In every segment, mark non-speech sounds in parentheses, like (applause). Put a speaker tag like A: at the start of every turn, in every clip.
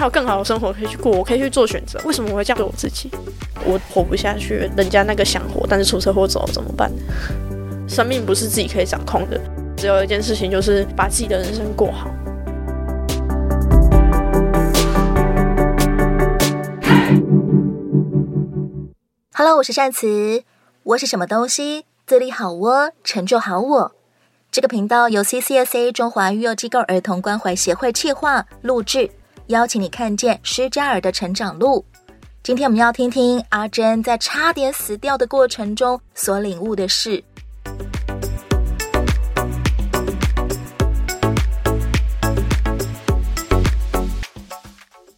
A: 還有更好的生活可以去過，我可以去做選擇。為什麼我會這樣對我自己？我活不下去。人家那個想活，但是出車禍走了，怎麼辦？生命不是自己可以掌控的。只有一件事情，就是把自己的人生過好。
B: 嘿 Hello，我是善慈。我是什麼東西？最利好我、哦，成就好我。這個頻道由 CCSA 中華育幼機構兒童關懷協會企劃錄製。邀請你看見失家兒的成長路。今天我們要聽聽阿蓁在差點死掉的過程中所領悟的事。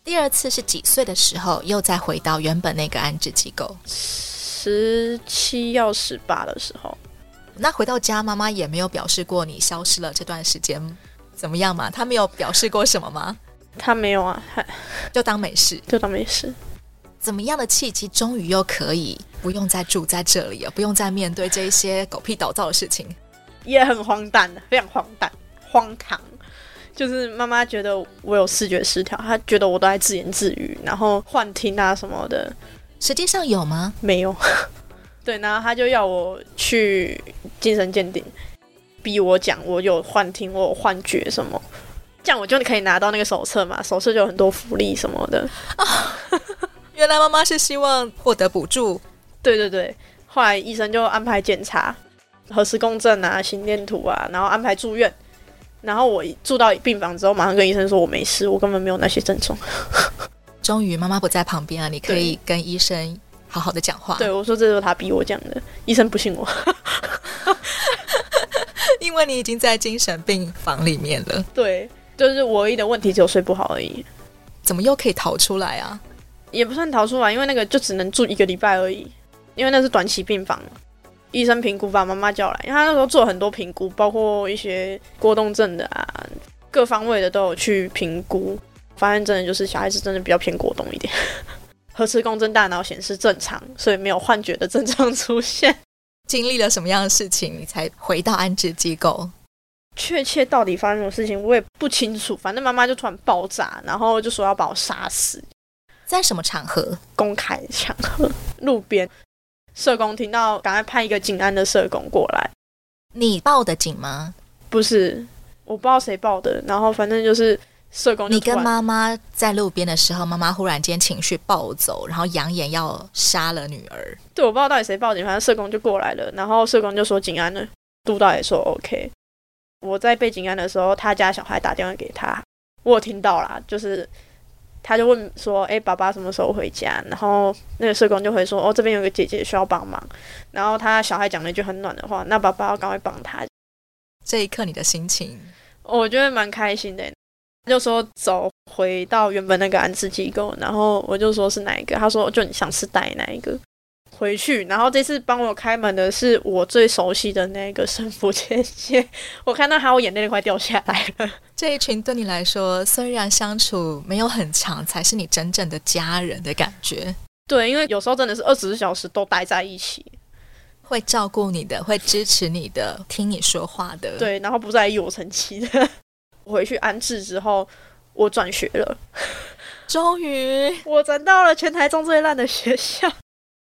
B: 第二次是幾歲的時候？又再回到原本那個安置機構？十七要十八的時候。那回到家，媽媽也沒有表示過你消失了這段時間怎麼樣嘛？她沒有表示過什麼嗎？他沒有啊，他就當沒事， (laughs) 就當沒事。怎麼樣的契機，終於又可以不用再住在這裡了，不用再面對這一些狗屁倒灶的事情，
A: 也很荒誕的，非常荒誕，荒唐。就是媽媽覺得
B: 我有思覺失調，她覺
A: 得我都在自言自語，然後幻聽啊什麼的。實際上有嗎？沒有。 (laughs) 對，然後她就要我去精神鑑定，逼我講我有幻聽，我有幻覺什麼。這樣我就可以拿到那個手冊嘛？手冊就有很多福利什麼的啊、
B: 哦。原來媽媽是希望獲得補助，對
A: 對對。後來醫生就安排檢查、核磁共振啊、心電圖啊，然後安排住院。然後我住到病房之後，馬上跟醫生說
B: 我沒事，我根本沒有那些症狀。終於媽媽不在旁邊啊，你可以跟醫生好好的講話。對
A: 我說，這是他逼我講的，醫生不信我，
B: (laughs) 因為你已經在精神病房裡面了。對。就是唯一的問題只有睡不好而已，怎麼又可以逃出來啊？
A: 也不算逃出來，因為那個就只能住一個禮拜而已，因為那是短期病房。醫生評估，把媽媽叫來，因為他那時候做了很多評估，包括一些過動症的啊，各方位的都有去評估，發現真的就是小孩子真的比較偏過
B: 動一點。
A: (laughs) 核磁共振大腦顯示正常，所以沒有幻覺的
B: 症狀出現。經歷了什麼樣的事情，你才回到安置機構？
A: 確切到底發生什麼事情，我也不清楚。反正媽媽就突然爆炸，然後就說要把
B: 我殺死。在什麼場合？公開場合？
A: 路邊？社工聽到，趕快派一個緊安的社工過來。
B: 你報的警嗎？不是，
A: 我不知道誰報
B: 的。然後反正就是
A: 社工，你跟媽
B: 媽在路邊的時候，媽媽忽然間情緒暴走，然後揚言要殺了女兒。
A: 對，我不知道到底誰報警，反正社工就過來了。然後社工就說緊安了，
B: 督導也說 OK。
A: 我在背景案的時候，他家小孩打電話給他，我有聽到啦，就是他就問說：“哎、欸，爸爸什麼時候回家？”然後那個社工就會說：“哦，這邊有個姐姐需要幫忙。”然後他小孩講了一句很暖的話：“那爸爸趕快幫他。”這一刻
B: 你的心情？
A: 我覺得蠻開心的。就說走回到原本那個安置機構，然後我就說是哪一個，他說就你想吃帶哪一個。回去，然後這次幫我開門的是我最熟悉的那個神父千千，我看
B: 到他，我眼淚都快掉下來了。這一群對你來說，雖然相處沒有很長，才是你真正的家人的感覺。
A: 對，因為有時候真的是二十四小時都待在
B: 一起，會照顧你的，會支持你的，聽你說話的。對，
A: 然後不在意我成績的。我回去安置之後，我轉學了，終於我轉到了全台中最爛的學校。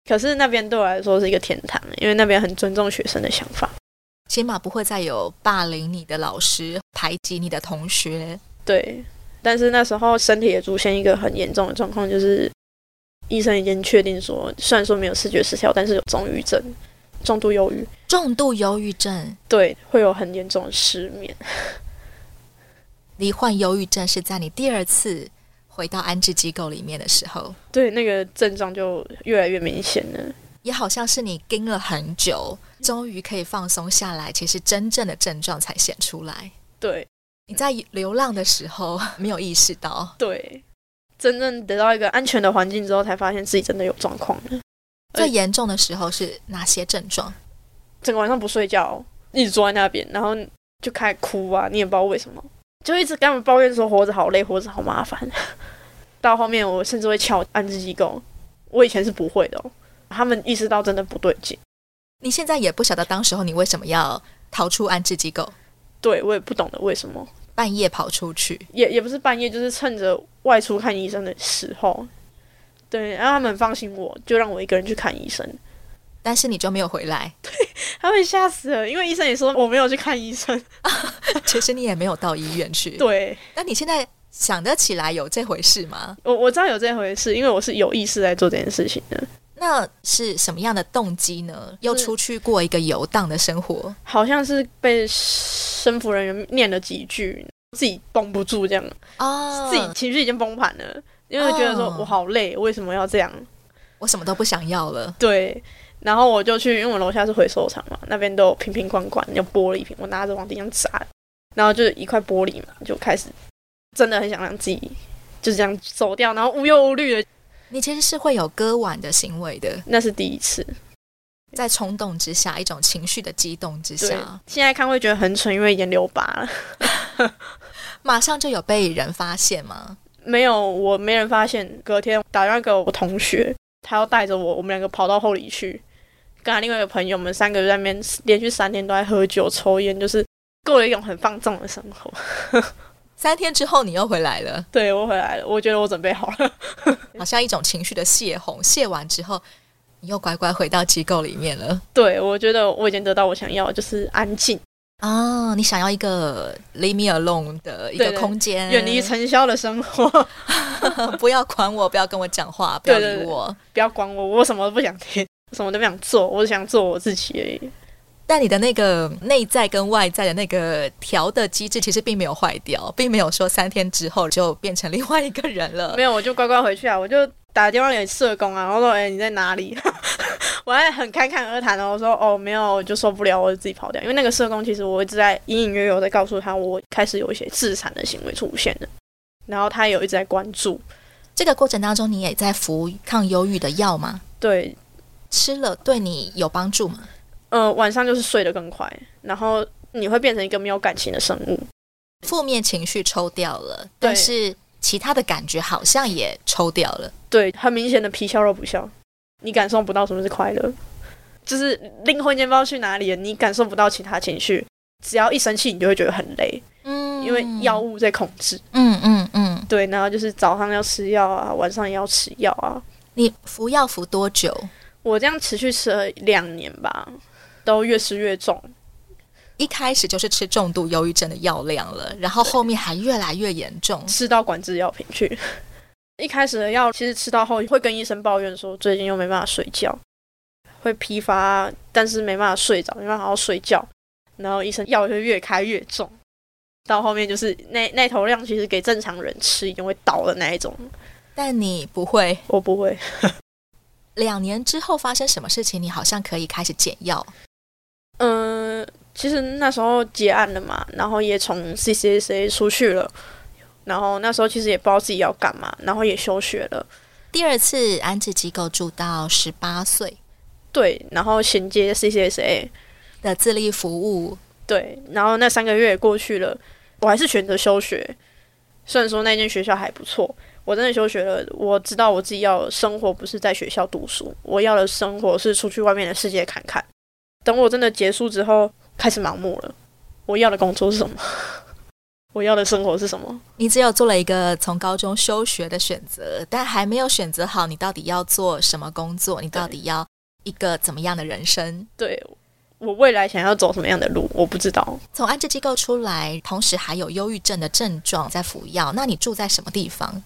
A: 可是那邊對我來說是一個天堂，因為那邊很尊重學生的想法，
B: 起碼不會再有霸凌你的老師、排擠你的同學。對，但是那時候身體也出現
A: 一個很嚴重的狀況，就是醫生已經確定說，雖然說沒有視覺失調，但是有重鬱症、
B: 重度憂鬱、重度憂鬱症，對，會有很嚴重的失眠。罹 (laughs) 患憂鬱症是在你第二次。回到安置機構裡面的時候，對那個症狀就越來越明顯了。也好像是你盯了很久，終於可以放鬆下來，其實真正的症狀才顯出來。對，你在流浪的時候沒有意識到，對，
A: 真正得到一個安全的環境之後，才發現自己真的有狀況了。
B: 最嚴重的時候是哪些症狀？
A: 整個晚上不睡覺，一直坐在那邊，然後就開始哭啊，你也不知道為什麼。就一直跟他們抱怨說活着好累，活着好麻煩。
B: 到後面我甚至會翹安置機構，我以前是不會的。他們意識到真的不對勁。你現在也不曉得當時候你為什麼要逃出安置機構？
A: 對，我也不懂得為什麼
B: 半夜跑出去。
A: 也也不是半夜，就是趁着外出看醫生的時候。對，讓他們放心，我就讓我一個人去看醫生。
B: 但是你就沒有回來，對，他會嚇死了。因為醫生也說我沒有去看醫生啊， (laughs) 其實你也沒有到醫院去。對，那你現在想得起來有這回事嗎？我我知道有這回事，因為我是有
A: 意識在做這件事情的。
B: 那是什麼樣的動機呢？又出去過一個遊蕩的生活，是好像是被生
A: 輔人員念了幾句，自己繃不住這樣
B: 啊，哦、自己
A: 情緒已經崩盤了，因為覺得說、哦、我好累，為什麼要這樣？
B: 我什麼都不想要了。
A: 對。然後我就去，因為我樓下是回收場嘛，那邊都有瓶瓶罐罐，有玻璃瓶，我拿着往地上砸，然後就是一塊玻璃嘛，就開始真的很想讓自己就這樣
B: 走掉，然後無憂無慮的。你其實是會有割腕的行為的，那是第一次，在衝動之下，一種情緒的激動之下。
A: 現在看會覺得很蠢，因為已經留
B: 疤了， (laughs) 馬上就有被人發現嗎？沒有，我
A: 沒人發現。隔天打電話給我同學，他要帶着我，我們兩個跑到后里去。跟他另外的朋友，我們三個在那邊連續三天都在喝酒抽菸，就是過了一種
B: 很放縱的生活。 (laughs) 三天之後你又回來了？對，我回來了，我覺得我準備好了， (laughs) 好像一種情緒的洩洪。洩完之後，你又乖乖回到機構裡面了。對，我覺得我已經得到我想要，就是安靜啊、哦。你想要一個 leave me alone 的一個空間，遠離塵
A: 囂的生活， (laughs) (laughs) 不要管我，不要跟我講話，不要理我，對對
B: 對，不要管我，我
A: 什麼都不想聽，什麼都不想做，我只想做我自己而已。
B: 但你的那個內在跟外在的那個調的機制，其實並沒有壞掉，並沒有說三天之後就變成另外一個人了。沒
A: 有，我就乖乖回去啊，我就打電話給社工啊，我說：“哎，你在哪裡？” (laughs) 我還很侃侃而談呢。我說：“哦，沒有，就受不了，我就自己跑掉。”因為那個社工其實我一直在隱隱約約在告訴他，我開始有一些自殘的行為出現了。然後他有一直在關注。
B: 這個過程當中，你也在服抗憂鬱的藥嗎？對。吃了對你有幫助嗎？
A: 呃，晚上就是睡得更快，然後你會變成一個沒有感
B: 情的生物，負面情緒抽掉了，對但是其他的感覺好像也抽掉了，對，很明顯的皮笑肉不笑，你感受不到什麼是快樂，
A: 就是靈魂先不知道去哪裡了，你感受不到其他情緒，只要一生氣你就會覺得很累，嗯，因為藥物在控制，嗯嗯嗯，嗯嗯對，然後就是早上要吃藥啊，晚上也要吃藥啊，你服藥服多久？我這樣持續吃了
B: 兩年吧，都越吃越重。一開始就是吃重度憂鬱症的藥量了，然後後面還越來越嚴重，吃到管制藥品去。
A: (laughs) 一開始的藥其實吃到後會跟醫生抱怨說，
B: 最近又沒辦法睡覺，會
A: 疲乏，但是沒辦法睡着，沒辦法好好睡覺。然後醫生藥就越開越重，到後面就是那那頭量其實給正常人吃一定會倒的那一種。
B: 但你不會，我不會。 (laughs) 兩年之後發生什麼事情？你好像可以開始減藥。嗯、
A: 呃，其實那時候結案了嘛，然後也從 CCSA 出去了，然後那時候其實也不知道自己要幹嘛，然後也休學了。
B: 第二次安置機構住到十八歲，對，
A: 然後銜接 CCSA 的自立服務，對，然後那三個月也過去了，我還是選擇休學，雖然說那間學校還不錯。我真的休學了，我知道我自己要生活不是在學校讀書，我要的生活是出去外面的世界看看。等我真的結束之後，開始盲目了。我要的工作是什
B: 麼？ (laughs) 我要的生活是什麼？你只有做了一個從高中休學的選擇，但還沒有選擇好你到底要做什麼工作，你到底要一個怎麼樣的人生。對，
A: 我未來想要走什麼樣的路，我不知道。
B: 從安置機構出來，同時還有憂鬱症的症狀，在服藥。那你住在什麼地方？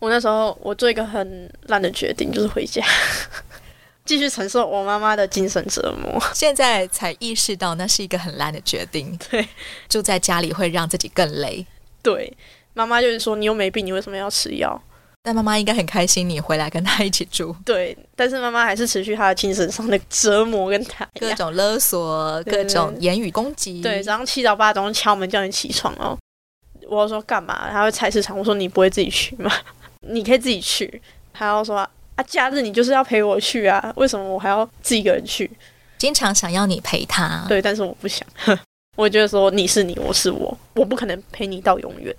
A: 我那時候我做一個很爛的
B: 決定，就是回家，
A: (laughs) 繼續
B: 承受我媽媽的精神折磨。現在才意識到那是一個很爛的決定。對，住在家裡會讓自己更累。
A: 對，媽媽就是說你又沒病，你為什麼要吃藥？
B: 那媽媽應該很開心你回來跟她一起住。
A: 對，但是媽媽還是持續她的精神上的折磨，跟她各種勒索，各種言語攻擊。嗯、對，早上七早八早上敲門叫你起床哦。我說幹嘛？她說菜市場。我說你不會自己去嗎？你可以自己去，還要說啊，假日你就是要陪我去啊，為什麼我還要自己一
B: 個人去？經常想要你陪他，對，
A: 但是我不想，
B: 哼，我覺得
A: 說你是你，我是我，
B: 我不可能陪你到永遠。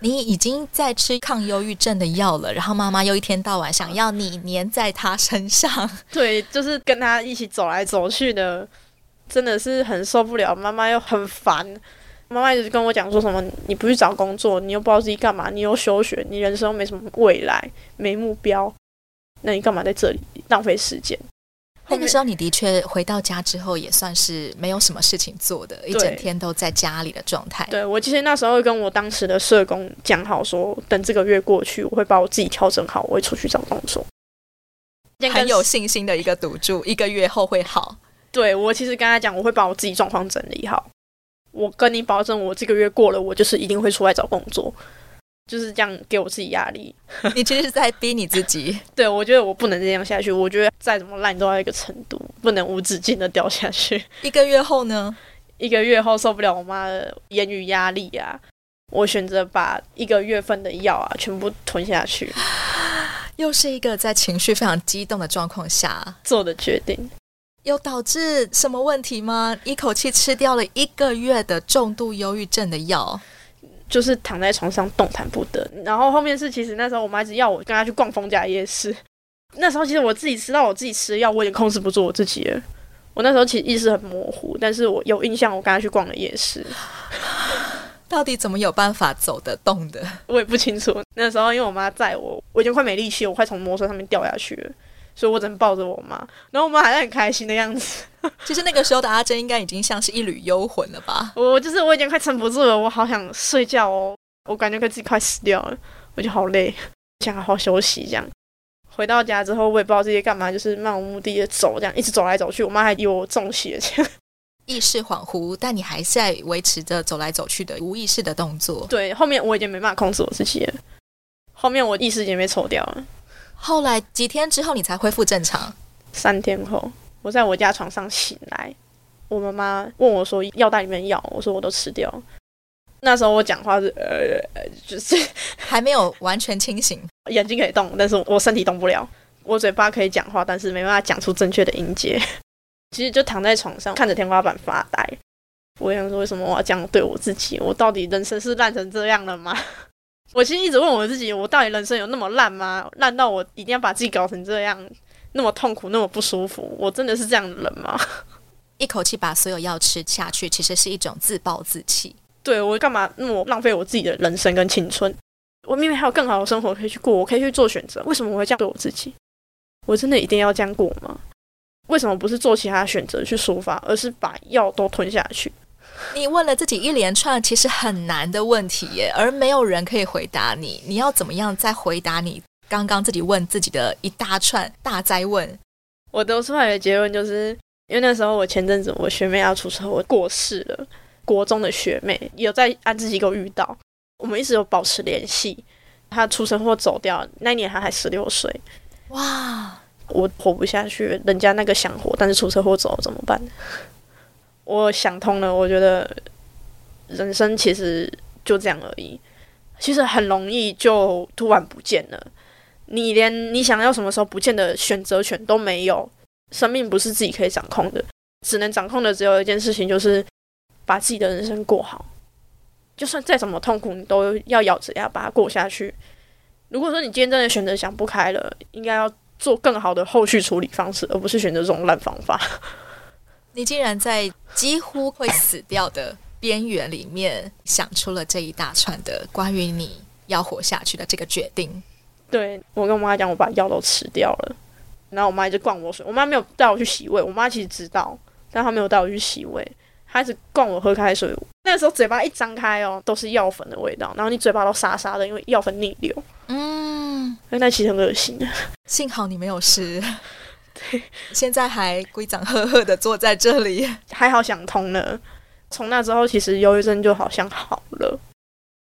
B: 你已經在吃抗憂鬱症的藥了，然後媽媽又一天到晚想要你黏在她身上，對，就是
A: 跟他一起走來走去的，真的是很受不了，媽媽又很煩。媽媽一直跟我講說什麼，你不去找工作，你又不知道自己幹嘛，你又休學，你人生沒什麼未來，沒目標，那你幹嘛在這裡浪費時間？
B: 那個時候你的確回到家之後也算是沒有什麼事情做的，對一整天都在家裡的狀態。
A: 對，我其實那時候跟我當時的社工講好說，等這個月過去，我會把我自己調整好，我會出去找工作。
B: 很有信心的一個賭注， (laughs)
A: 一個月後會好。對，我其實跟他講，我會把我自己狀況整理好。我跟你保證，我這個月過了，我就是一定會出來找工作，就是這樣給我自己壓力。 (laughs) 你其實是在逼你自己。 (laughs) 對，我覺得我不能這樣下去。我覺得再怎麼爛，都要一個程度，不能無止境的掉下去。 (laughs) 一個月後呢？一個月後受不了我媽的言語壓力啊，我選擇把一個月份的藥啊全部吞下
B: 去。又是一個在情緒非常激動的狀況下做的決定。有導致什麼問題嗎？一口氣吃掉了一個月的重度憂鬱症的藥，就是躺在床上動彈不得。
A: 然後後面是，其實那時候我媽一直要我跟她去逛逢甲夜市，那時候其實我自己吃到我自己吃的藥，我已經控制不住我自己了。我那時候其實意識很模糊，但是我有印象，我跟她去逛了夜市。
B: (laughs) 到底怎麼有辦法走得動的？我也不清楚。那時候因為我
A: 媽載我，我已經快沒力氣了，我快從摩托車上面掉下去了。所以我只能抱着我媽，然後我媽還是很
B: 開心的樣子。 (laughs) 其實那個時候的阿蓁應該已經像是一縷幽魂了吧？我就是我
A: 已經快撐不住了，我好想睡覺哦，我感覺快自己快死掉了，我就好累，
B: 想好好休息。這樣
A: 回到家之後，我也不知道自己幹嘛，就是漫無目的的走，這樣一
B: 直走來走去。我媽還以為我中邪，這樣意識恍惚，但你還在維持着走來走去的無意識的動作。
A: 對，後面我已經沒辦法
B: 控制我自己了，
A: 後面我意識也被抽掉了。後來幾天之後，你才恢復正常。三天後，我在我家床上醒來，我媽媽問我說，藥袋裡面藥，我說我都吃掉。那時候我講話是呃，就是還沒有完全清醒，眼睛可以動，但是我身體動不了，我嘴巴可以講話，但是沒辦法講出正確的音節。其實就躺在床上看着天花板發呆，我想說為什麼我要這樣對我自己？我到底人生是爛成這樣了嗎？我其實一直問我自己，我到底人生有那麼爛嗎？爛到我一定要把自己搞成這樣，那麼痛苦，那麼不舒服？我
B: 真的是這樣的人嗎？一口氣把所有藥吃下去，其實是一種自暴自棄。
A: 對，我幹嘛那麼浪費我自己的人生跟青春？
B: 我明明還有更好的生活可
A: 以去過，我可以去做選擇。為什麼我會這樣對我自己？我真的一定要這樣過嗎？為
B: 什麼不是做其他選擇去抒發，而是把藥都吞下去？你問了自己一連串其實很難的問題耶，而沒有人可以回答你。你要怎麼樣再回答你剛剛自己問自己的一大串大哉問？我得出來的結
A: 論就是，因為那時候我前陣子我學妹要出車禍過世了，國中的學妹有在安置機構遇到，我們一直有保持聯繫。她出車禍走掉那一年她還十六歲。哇，我活不下去，人家那個想活但是出車禍走了怎麼辦？我想通了，我覺得人生其實就這樣而已，其實很容易就突然不見了。你連你想要什麼時候不見的選擇權都沒有，生命不是自己可以掌控的，只能掌控的只有一件事情，就是把自己的人生過好。就算再怎麼痛苦，你都要咬着牙把它過下去。如果說你今天真的選擇想不開了，應該要做更好的後續處理方式，而不是選擇這種爛方法。
B: 你竟然在幾乎會死掉的邊緣裡面，想出了這一大串的關於你要活下去的這個決定。對，我跟我媽講，我把藥都吃掉了，
A: 然後我媽一直灌我水。我媽沒有帶我去洗胃，我媽其實知道，但她沒有帶我去洗胃，她一直灌我喝開水。那個時候嘴巴一張開哦，都是藥粉的味道，然後你嘴巴都沙沙的，因為藥粉逆流。
B: 嗯，那其實很噁心。幸好你沒有事。對現在還規長赫赫的坐在這裡，還好想通了。從那之後，其實憂鬱症就好像好了，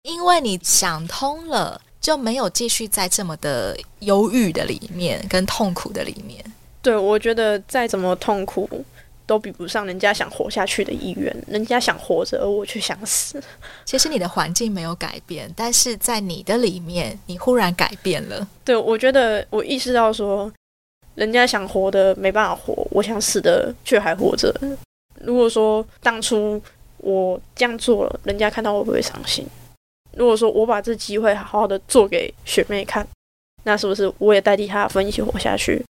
B: 因為你想通了，就沒有繼續在這麼的憂鬱的裡面跟痛苦的裡面。
A: 對，我覺得再怎麼痛苦，都比不上人家想活下去的意願。人家想活着，而我卻想
B: 死。其實你的環境沒有改變，但是在你的裡面，你忽然改變了。
A: 對，我覺得我意識到說。人家想活的沒辦法活，我想死的卻還活着。如果說當初我這樣做了，人家看到我會不會傷心？如果說我把這機會好好的做給學妹看，那是不是我也代替她分一起活下去？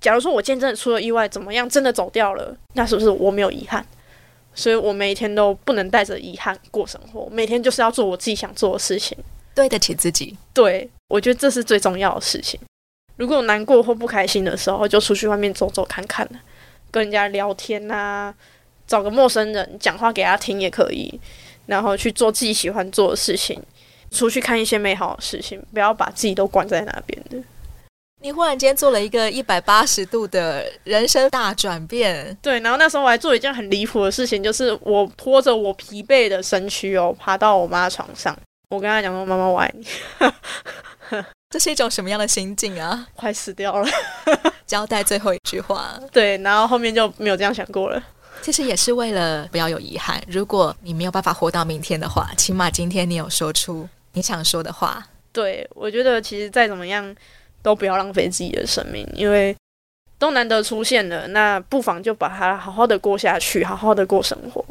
A: 假如說我今天真的出了意外，怎麼樣，真的走掉了，那是不是我沒有遺憾？所以我每天都不能帶着遺憾過生活，每天就是要做我自己想做的事情，
B: 對得起自己。
A: 對，我覺得這是最重要的事情。如果難過或不開心的時候，就出去外面走走看看，跟人家聊天吶、啊，找個陌生人講話給他聽也可以，然後去做自己喜歡做的事情，出去看一些美好的事情，不要把自己都關在那邊的。
B: 你忽然間做了一個一百八十度的人生大轉變，
A: 對，然後那時候我還做一件很離
B: 譜的事情，就是我拖着我疲憊的身
A: 軀哦，爬到我媽床上，我跟她講說：“媽媽，我愛你。 (laughs) ”
B: 這是一種什麼樣的心境啊？快死掉了， (laughs) 交代最後一句話。對，然
A: 後後面就沒有這樣想過了。
B: 其實也是為了不要有遺憾。如果你沒有辦法活到明天的話，起碼今天你有說出你想說的話。
A: 對，我覺得，其實再怎麼樣都不要浪
B: 費自己的生命，因為
A: 都難得出現了，那不妨就把它好好的過下去，好好的過生活。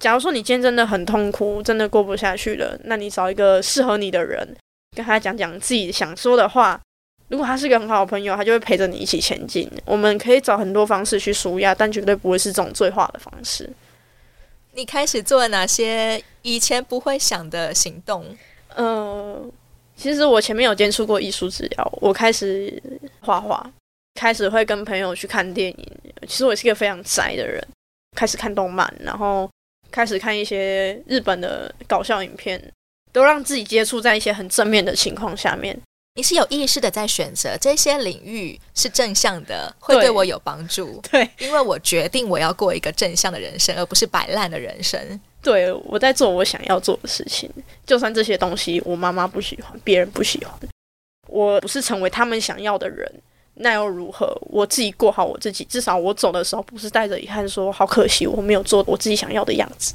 A: 假如說你今天真的很痛苦，真的過不下去了，那你找一個適合你的人。跟他講講自己想說的話。如果他是個很好的朋友，他就會陪着你一起前進。我們可以找很多方式去舒壓，但絕對不會是這種最壞的方式。
B: 你開始做了哪些以前不會想的行動？嗯、呃，其實我前面有接觸過
A: 藝術治療，我開始畫畫，開始會跟朋友去看電影。其實我也是一個非常宅的人，開始看動漫，然後開始看一些日本的搞笑影片。都讓自己接觸在一些很正面的情況下面，你是
B: 有意識的在選擇這些領域是正向的，會對我有幫助。對，對，因為我決定我要過一個正向的人生，而不是擺爛的人生。
A: 對，我在做我想要做的事情，就算這些東西我媽媽不喜歡，別人不喜歡，我不是成為他們想要的人，那又如何？我自己過好我自己，至少我走的時候不是帶着遺憾，說好可惜我沒有做我自己想要的樣子。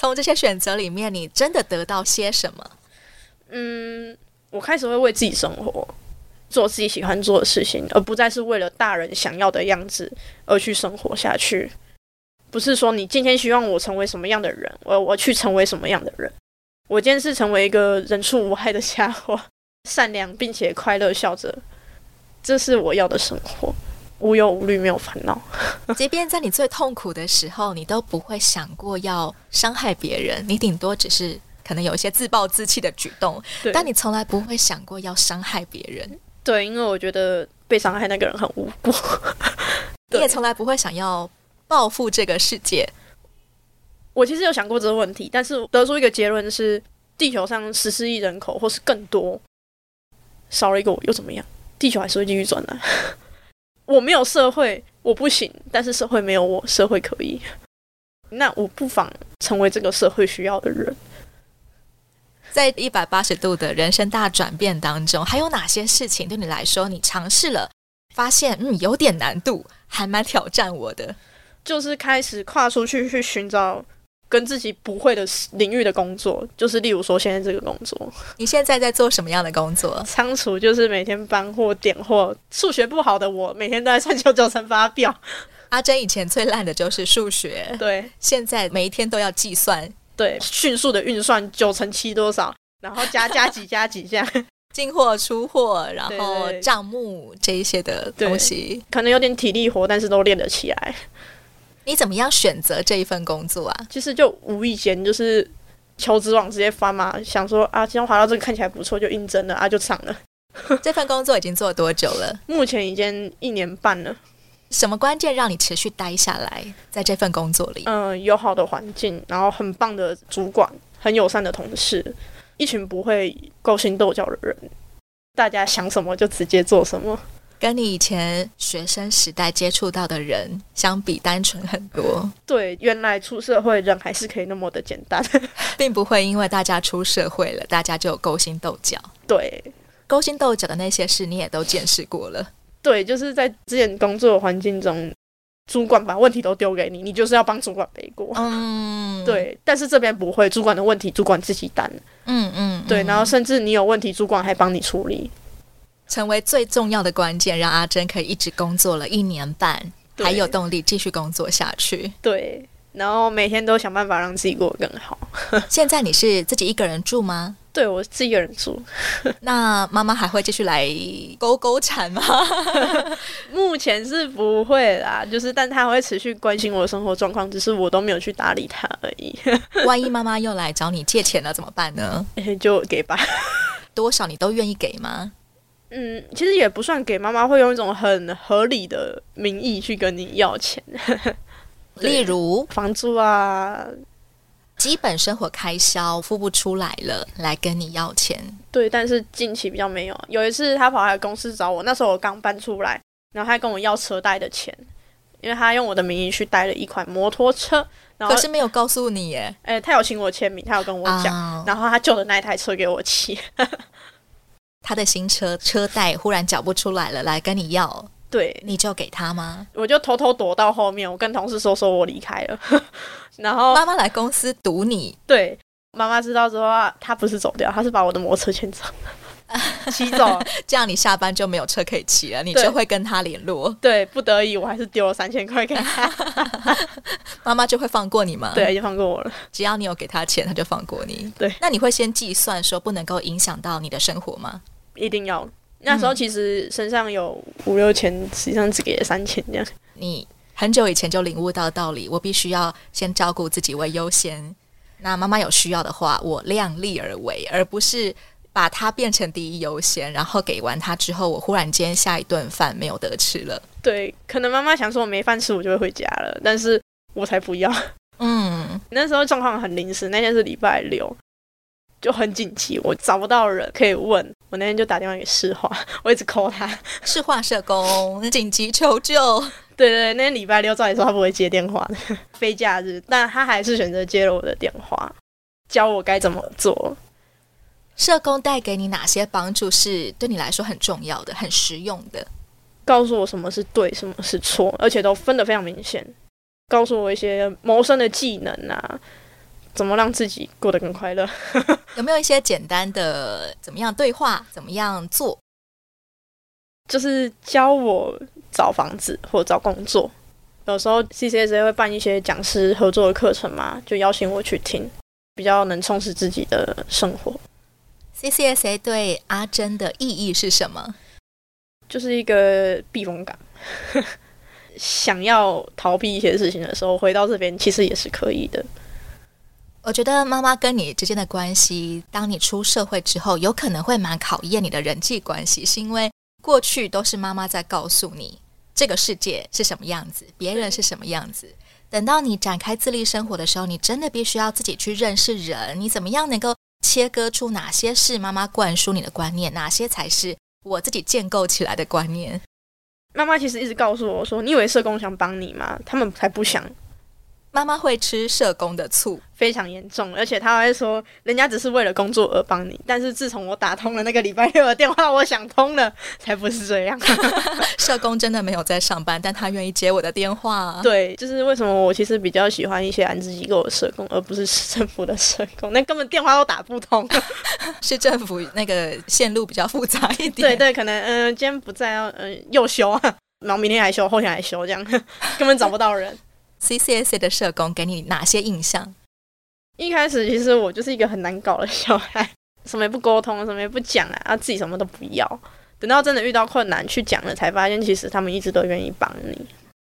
B: 從這些選擇裡面，你真的得到些什麼？嗯，我開始會為自己生
A: 活，做自己喜歡做的事情，而不再是為了大人想要的樣子而去生活下去。不是說你今天希望我成為什麼樣的人，我我去成為什麼樣的人。我今天是成為一個人畜無害的家伙，善良並且快樂笑着，這是我要的生活。無憂無慮，沒有煩惱。
B: (laughs) 即便在你最痛苦的時候，你都不會想過要傷害別人，你頂多只是可能有一些自暴自棄的舉動。對但你從來不會想過要傷害別人。
A: 對，因為我覺得被傷害那個人很無辜。 (laughs) 對你也從來不會想要報復這個世界。我其實有想過這個問題，但是得出一個結論是：地球上十四億人口，或是更多，少了一個我又怎麼樣？地球還是會繼續轉的。 (laughs) 我沒有社會，我不行。
B: 但是社會沒有我，社會可以。那我不妨成為這個社會需要的人。在180度的人生大轉變當中，還有哪些事情對你來說，你嘗試了，發現嗯有點難度，還蠻挑戰我的？
A: 就是開始跨出去去尋找。跟自己不會的領域的工作，就是例如說現在這個工作。你現在在做什麼樣的工作？倉儲就是每天搬貨、點貨。數學不好的我，每天都在算九九乘法表。
B: 阿蓁以前最爛的就是數學，對，現在每一天都要計算，對，迅速的運算九乘七多少，然後加加幾加幾，這樣進貨、 (laughs) 貨出貨，然後賬目這一些的東西，對對對，可能有點體力活，但是都練得起來。你怎麼樣選擇這一份工作啊？其實就無意間就是
A: 求職網直接翻嘛，想說啊，今天滑到這個看起來不錯，就應徵了啊，就上了。
B: (laughs) 這份工作已經做了多久了？目前已經一年半了。什麼關鍵讓你持續待下來在這份工作裡？嗯、呃，
A: 有好的環境，然後很棒的主管，很友善的同事，一群不會勾心鬥角的人，大家
B: 想什麼就直接做什麼。跟你以前學生時代接觸到的人相比，單純很多。對，原來出社會人還是可以那麼的簡單， (laughs) 並不會因為大家出社會了，大家就勾心鬥角。對，勾心鬥角的那些事，你也都見識過了。
A: 對，就是在之前工作的環境中，主管把問題都丟給你，你就是要幫主管背鍋。
B: 嗯，對。
A: 但是這邊不會，主
B: 管的問題，主管自己擔。嗯。嗯嗯。對，然後甚至你有問題，主管還幫你處理。成為最重要的關鍵，讓阿蓁可以一直工作了一年半，對還有動力繼續工作下去。對，
A: 然後每天都想辦法讓自己過得更好。
B: (laughs) 現在你是自己一個人住嗎？對，
A: 我自己一個人住。 (laughs) 那
B: 媽媽還會繼續來勾勾纏嗎？
A: (laughs) (laughs) 目前是不會啦，就是但她會持續關心我的生活狀況，只是我都沒有去搭理她而已。
B: (laughs) 萬一媽媽又來找你借錢了，怎麼辦呢？就給吧， (laughs) 多少你都願
A: 意給嗎？嗯，其實也不算給媽媽，會用一種很合理的名義去跟你要
B: 錢， (laughs) 對例如房租啊，基本生活開銷付不出來了，來跟你要錢。
A: 對，但是近期比較沒有。有一次他跑來公司找我，那時候我剛搬出來，然後他跟我要車貸的錢，因為他用我的名義去貸了一款摩托車。可是沒有告訴你耶？哎、欸，他有請我簽名，他有跟我講，oh. 然後他舊的那一台車給我騎。 (laughs)
B: 他的新車車貸忽然繳不出來了，來跟你要，對，你就給他嗎？
A: 我就偷偷躲到後面，我跟同事說說我離開了， (laughs) 然後媽媽來公司堵你。對，媽媽知道
B: 之後，她不是
A: 走掉，她是把我的摩托車牽走。
B: 騎走了， (laughs) 這樣你下班就沒有車可以騎了，你就會跟他聯絡。對，對，不得已我還是丟了三千塊給他，媽 (laughs) 媽就會放過你嗎？對，就放過我了。只要你有給他錢，他就放過你。對，那你會先計算說不能夠影響到你的生活嗎？
A: 一定要那時候，其實身上有
B: 五六千，嗯，實際上只給了三千這樣。你很久以前就領悟到道理，我必須要先照顧自己為優先。那媽媽有需要的話，我量力而為，而不是把它變成第一優先。然後給完他之後，我忽然間下一頓飯沒有得吃了。
A: 對，可能媽媽想說我沒飯吃，我就會回家了，但是我才不要。嗯，那時候狀況很臨時，那天是禮拜六。就很緊急，我找不到人可以問，我那天就打電話給世化，我一直 call 他，世化社工緊急求救，對,對對，那天禮拜六照理說他不會接電話的，非假日，但他還是選擇接了我的電話，教我該怎麼做。
B: 社工帶給你哪些幫助是對你來說很重要的、很實用的？
A: 告訴我什麼是對，什麼是錯，而且都分得非常明顯，告訴我一些謀生的技能啊。怎麼讓自己
B: 過得更快樂？ (laughs) 有沒有一些簡單的怎麼樣對話？怎麼樣做？就是教我找房子或找工作。
A: 有時候 CCSA 會辦一些講師合作的課程嘛，就邀請我去聽，比較能充實自己的生活。
B: CCSA 對阿蓁的意義是什麼？就是一個避風港。 (laughs) 想要
A: 逃避一些事情的時候，回到這邊其實也是可以的。
B: 我覺得媽媽跟你之間的關係，當你出社會之後，有可能會蠻考驗你的人際關係，是因為過去都是媽媽在告訴你這個世界是什麼樣子，別人是什麼樣子。等到你展開自立生活的時候，你真的必須要自己去認識人，你怎麼樣能夠切割出哪些是媽媽灌輸你的觀念，哪些才是我自己建構起來的觀念？
A: 媽媽其實一直告訴我說：“你以為社工想幫你嗎？他們才不想。”媽媽會吃社工的醋，非常嚴重，而且她還說人家只是為了工作而幫你。但是自從我打通了那個禮拜六的電話，我想通
B: 了，才不是這樣。 (laughs) (laughs) 社工真的沒有在上班，但他願意接我的電話、啊。對，
A: 就是為什麼我其實比較喜歡一些安置機構的社工，而不是市政府的社
B: 工，那根本電話都打不通。是 (laughs) 政府那個線路比較複雜
A: 一點。對對，可能嗯、呃，今天不在，嗯、呃，又休、啊，然後明天還休，後天還休，這樣根本
B: 找不到人。 (laughs) CCSA 的社工給你哪些印象？
A: 一開始其實我就是一個很難搞的小孩，什麼也不溝通，什麼也不講啊，啊，自己什麼都不要。等到真的遇到困難去講了，才發現其實他們一直都願意幫你。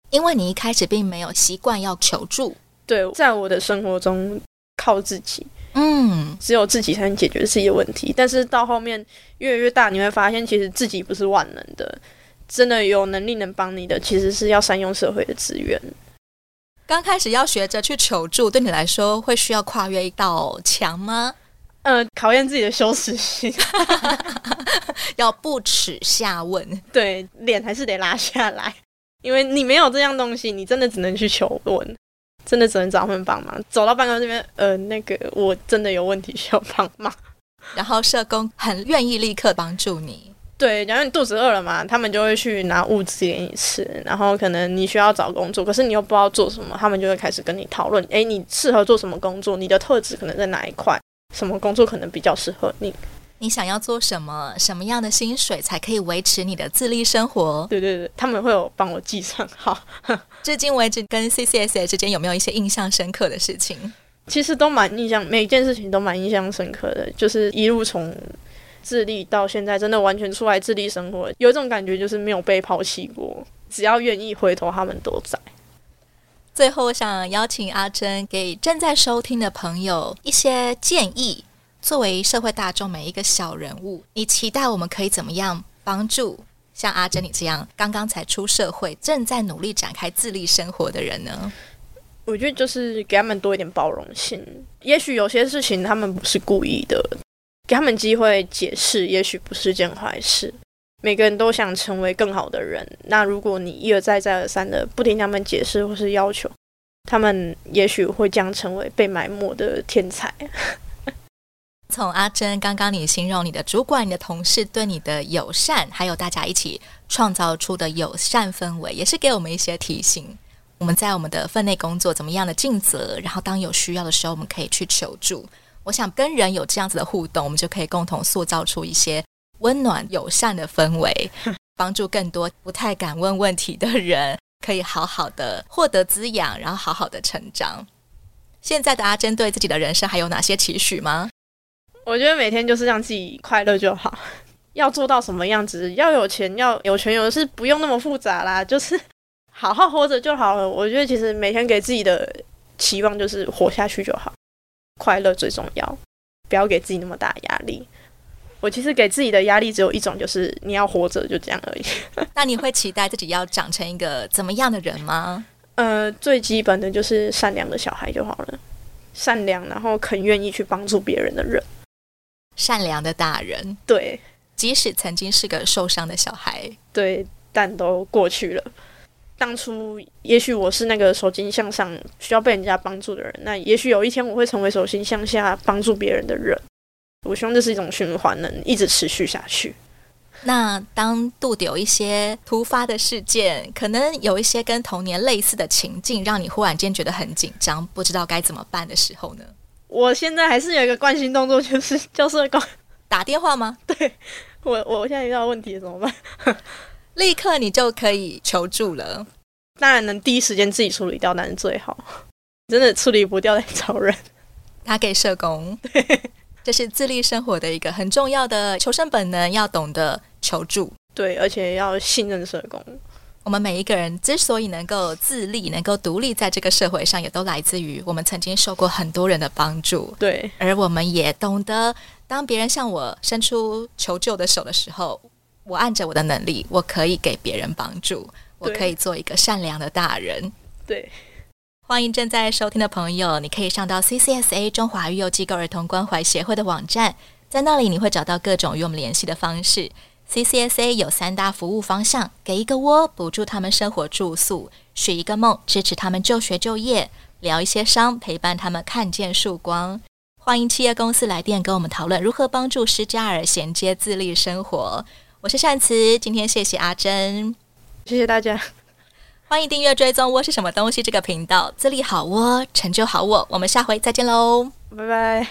B: 因為你一開始並沒有習慣要求助。對，在我的生活中靠自己，嗯，
A: 只有自己才能解決自己的問題。但是到後面越來越大，你會發現其實
B: 自己不是萬能的，真的有能力能幫你的，其實
A: 是要善用社會的資源。
B: 剛開始要學着去求助，對你來說會需要跨越一道牆嗎？呃，考驗自己的羞恥心， (laughs) (laughs) 要不
A: 恥下問。對，臉還是得拉下來，因為你沒有這樣東西，你真的只能去求問，真的只能找他們幫忙。走到辦公室這邊，呃，那個我
B: 真的有問題需要幫忙，然後社工很願意立刻幫助你。
A: 對，假如你肚子餓了嘛，他們就會去拿物資給你吃。然後可能你需要找工作，可是你又不知道做什麼，他們就會開始跟你討論：哎，你適合做什麼工作？你的特質可能在哪一塊？什麼工作可能比較適合你？
B: 你想要做什麼？什麼樣的薪水才可以維持你的自立生活？對對對，他們會有幫我記上好， (laughs) 至今為止跟 CCSA 之間有沒有一些印象深刻的事情？其實都蠻印象，每一件
A: 事情都蠻印象深刻的，就是一路從。自立到現在，真的完全出來自立生活，有一種感覺就是沒有被拋棄過。只要願意回頭，他們都在。
B: 最後，我想邀請阿蓁給正在收聽的朋友一些建議。作為社會大眾每一個小人物，你期待我們可以怎麼樣幫助像阿蓁你這樣剛剛才出社會、正在努力展開自立生活的人呢？
A: 我覺得就是給他們多一點包容性。
B: 也許有些事
A: 情他們不是故意的。給他們機會解釋，也許不是件壞事。每個人都想成為更好的人。那如果你一而再、再而三的不聽他們解釋，或是要求，他們也許會將成為被埋沒的天才。
B: (laughs) 從阿蓁剛剛你形容你的主管、你的同事對你的友善，還有大家一起創造出的友善氛圍，也是給我們一些提醒：我們在我們的分內工作怎麼樣的盡責，然後當有需要的時候，我們可以去求助。我想跟人有這樣子的互動，我們就可以共同塑造出一些溫暖友善的氛圍，幫助更多不太敢問問題的人，可以好好的獲得滋養，然後好好的成長。現在的阿蓁對自己的人生還有哪些期許嗎？我覺得每天就是讓自己快樂就好，要做到什麼樣
A: 子？要有錢，要有權有勢，是不用那麼複雜啦，就是好好活着就好了。我覺得其實每天給自己的期望就是活下去就好。快樂最重要，不要給自己那麼大壓力。我其實給自己的壓力只有一種，就是你要活着，就這樣而已。
B: 那 (laughs) 你會期待自己要長成一個怎麼樣的人嗎？呃，最基本的就是善良的小孩就好了，善良，然後肯願意去幫助別人的人，善良的大人。對，即使曾經是個受傷的小孩，對，但都過去了。當初也許
A: 我是那個手心向上需要被人家幫助的人，那也許有一天我會成為手心向下幫助別人的人。我希望這是一種循環，能一直持續下去。
B: 那當的有一些突發的事件，可能有一些跟童年類似的情境，讓你忽然間覺得很緊張，不知道該怎麼辦的時候呢？
A: 我現在還是有一個慣性動作，就是就是打電話嗎？對，我，我現在遇到問題怎麼辦？ (laughs) 立刻你就
B: 可以求助了，
A: 當然能第一時間
B: 自己處理掉，那是最好。真的處理不掉再找人，打給社工。對，這是自立生活的一個很重要的求生本能，要懂得求助。對，而且要信任社工。我們每一個人之所以能夠自立、能夠獨立在這個社會上，也都來自於我們曾經受過很多人的幫助。對，而我們也懂得，當別人向我伸出求救的手的時候，我按着我的能力，我可以給別人幫助，
A: 我可以做
B: 一個善良的大人。對，對，歡迎正在收聽的朋友，你可以上到 CCSA 中華育幼機構兒童關懷協會的網站，在那裡你會找到各種與我們聯繫的方式。CCSA 有三大服務方向：給一個窩，補助他們生活住宿；許一個夢，支持他們就學就業；療一些傷，陪伴他們看見曙光。歡迎企業公司來電跟我們討論如何幫助失家兒銜接自立生活。我是善慈，今天謝謝阿蓁，謝謝大家，歡迎訂閱追蹤窩是什麼東西這個頻道，自立好窩、哦，成就好窩，我們下回再見嘍，拜拜。